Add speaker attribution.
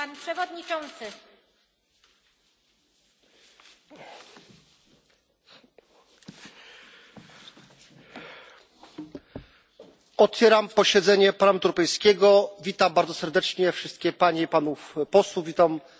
Speaker 1: pan przewodniczący!
Speaker 2: otwieram posiedzenie parlamentu europejskiego. witam bardzo serdecznie wszystkie panie i panów posłów witam panią komisarz.